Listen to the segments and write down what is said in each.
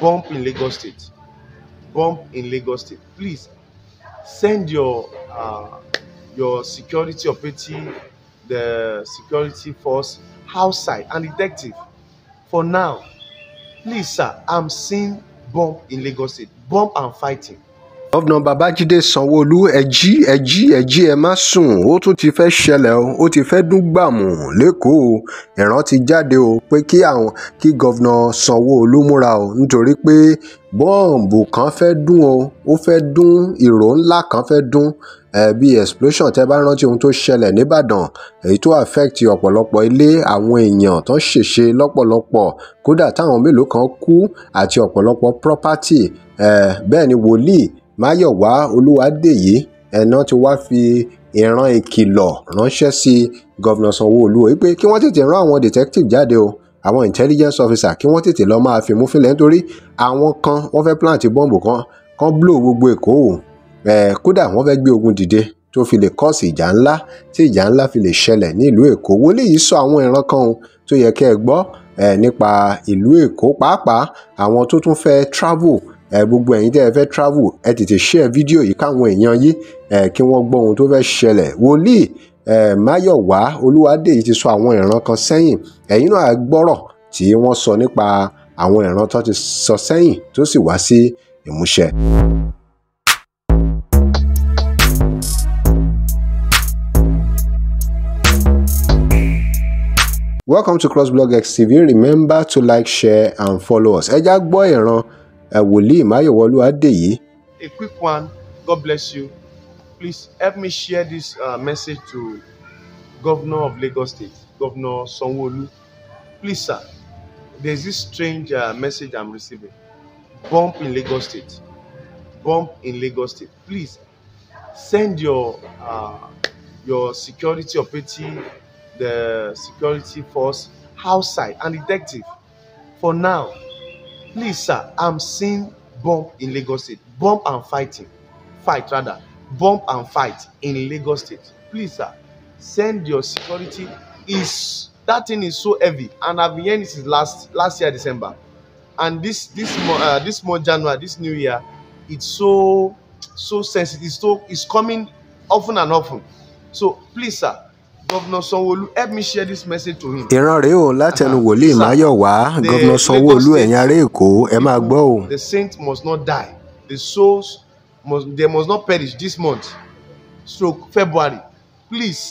Bump in Lagos State. Bump in Lagos State. Please send your uh, your security operative, the security force outside and detective. For now, please, sir, I'm seeing bump in Lagos State. Bump and fighting gọ́vnà babájídé sanwóolu ẹjí ẹjí ẹjí ẹ má sùn ó tún ti fẹ́ ṣẹlẹ̀ o ó ti fẹ́ dún gbàmù lẹ́kọ̀ọ́ ìran ti jáde o pé kí àwọn kí gọ́vnà sanwóolu múra o nítorí pé bọ́ọ̀mù kan fẹ́ dún o ó fẹ́ dún ìró ńlá kan fẹ́ dún ẹbí explosion tẹ bá rántí ohun tó ṣẹlẹ̀ nìbàdàn èyí tó affect ọ̀pọ̀lọpọ̀ ilé àwọn èèyàn tó ń ṣèṣe lọ́pọ̀lọpọ̀ kódà táwọn mélòó kan kú àti ọ̀pọ̀lọpọ̀ property bẹ́ẹ̀ ni wòlíì máyọ̀wá olúwádèyí ẹ̀nà ti wá fi ìran ìkìlọ̀ ránṣẹ́ sí gọ́vnà sanwó-olú o pé kí wọ́n tètè rán àwọn detective jáde o àwọn intelligence officer kí wọ́n tètè lọ́ọ́ máa fi mú fílẹ̀ nítorí àwọn kan wọ́n fẹ́ plant bọ́ǹbù kan kan blow gbogbo èkó o eh, kódà wọ́n fẹ́ gbé ogun dìde tó fi lè kọ́ọ̀sì ìjà ńlá tí ìjà ńlá fi lè ṣẹlẹ̀ ní ìlú èkó wọlé yìí sọ àwọn ìran kan o tó yẹ kẹ́ ẹ gbọ́ nípa ìlú èkó pàápàá àwọn tó tún fẹ́ travel ẹ gbogbo ẹ̀yin tẹ́ ẹ fẹ́ travel ẹ tètè share fídíò yìí káwọn èèyàn yìí ẹ kí wọ́n gbọ́ ohun tó fẹ́ ṣẹlẹ̀ wòlíì ẹ máyọ̀wá olúwadéyí ti sọ àwọn ìran kan sẹ́yìn ẹ̀yin náà gbọ́rọ̀ tí wọ́n sọ nípa àwọn ìran tó ti sọ sẹ́yìn tó sì wá sí ìmúṣẹ. Welcome to crossblogX XTV. Remember to like, share and follow us. ẹ já gbọ́ ìran wòlíì máyọ̀wọ́ olúwadèyí. a quick one god bless you please help me share this uh, message to governor of lagos state governor sanwoolu please sir there is this strange uh, message i'm receiving bump in lagos state bump in lagos state please send your uh, your security operative the security force outside and detective for now please sir i'm seeing bump in lagos state bump and fighting fight rather bump and fight in lagos state please sir send your security is that thing is so heavy and i've been hearing since last last year december and this this uh, this month january this new year it's so so sensitive so it's coming often and often so please sir Governor Sanwo-Olu, help me share this message to him. Ìran rèé o látẹnu wòlíì Máyọ̀wá, Governor Sanwo-Olu ẹ̀yin ará Èkó, ẹ máa gbọ́ o. The saint must not die. The souls must they must not perish this month. Stroke February. Please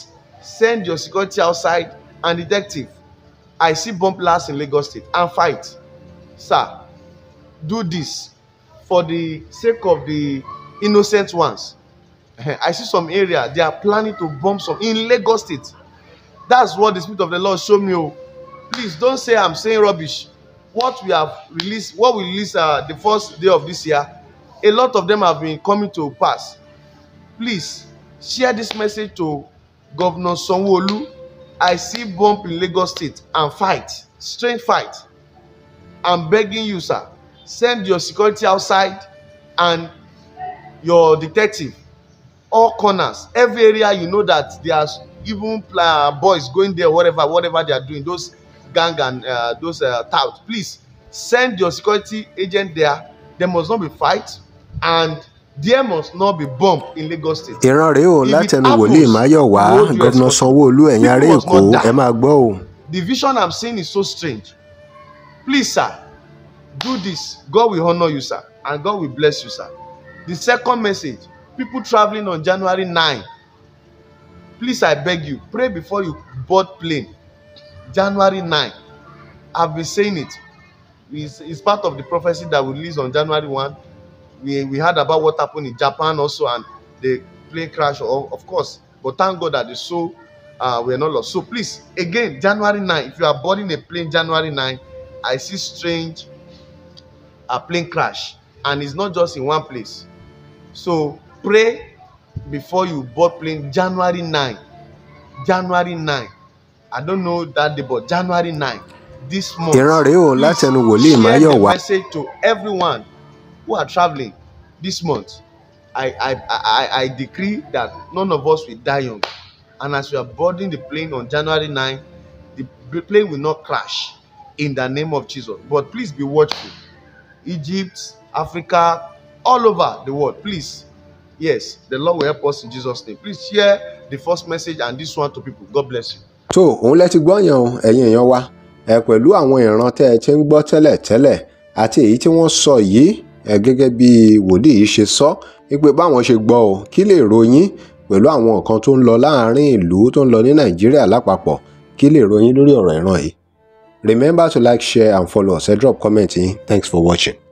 send your security outside and detective. I see bomb blasts in Lagos State and fight. Sir, do this for the sake of the innocent ones. Eh, I see some area they are planning to bomb some in Lagos State. That's what the Spirit of the Lord showed me. Oh, please don't say I'm saying rubbish. What we have released, what we released uh, the first day of this year, a lot of them have been coming to pass. Please share this message to Governor sanwo I see bomb in Lagos State and fight, straight fight. I'm begging you, sir, send your security outside and your detective all corners every area you know that there's even uh, boys going there whatever whatever they are doing those gang and uh, those uh, touts please send your security agent there there must not be fight and there must not be bomb in Lagos State. ìran rèé o látẹnu wòlíì Máyọ̀wá gómìnà Sanwó-Olú ẹ̀yìn Èkó ẹ máa gbọ́ o. the vision i'm seeing is so strange please sir do this god will honour you sir and god will bless you sir the second message people traveling on january 9 please i beg you pray before you board plane january 9 i've been saying it it's, it's part of the prophecy that we released on january 1 we we heard about what happened in japan also and the plane crash of, course but thank god that the soul uh, were not lost so please again january 9 if you are boarding a plane january 9 i see strange a uh, plane crash and it's not just in one place so pray before you board plane January 9. January 9. I don't know that day, but January 9 this month. Ìran rèé Message to everyone who are travelling this month. I, I, I, I decree that none of us will die young. And as we are boarding the plane on January 9, the plane will not crash in the name of Jesus. But please be watchful. Egypt, Africa, all over the world, please yes the lord will help us in jesus name please share the first message and this one to people god bless you. tó òun lẹ ti gbọ́ yẹn o ẹ̀yin èèyàn wa ẹ pẹ̀lú àwọn ìran tẹ́ ẹ ti ń gbọ́ tẹ́lẹ̀ tẹ́lẹ̀ àti èyí tí wọ́n sọ yìí ẹ gẹ́gẹ́ bí wòlíì yìí ṣe sọ wípé báwọn ṣe gbọ́ o kí lè ròyìn pẹ̀lú àwọn nǹkan tó ń lọ láàárín ìlú tó ń lọ ní nàìjíríà lápapọ̀ kí lè ròyìn lórí ọ̀rọ̀ ìran yìí remember to like share and follow us ẹ drop comment yín thanks for watching.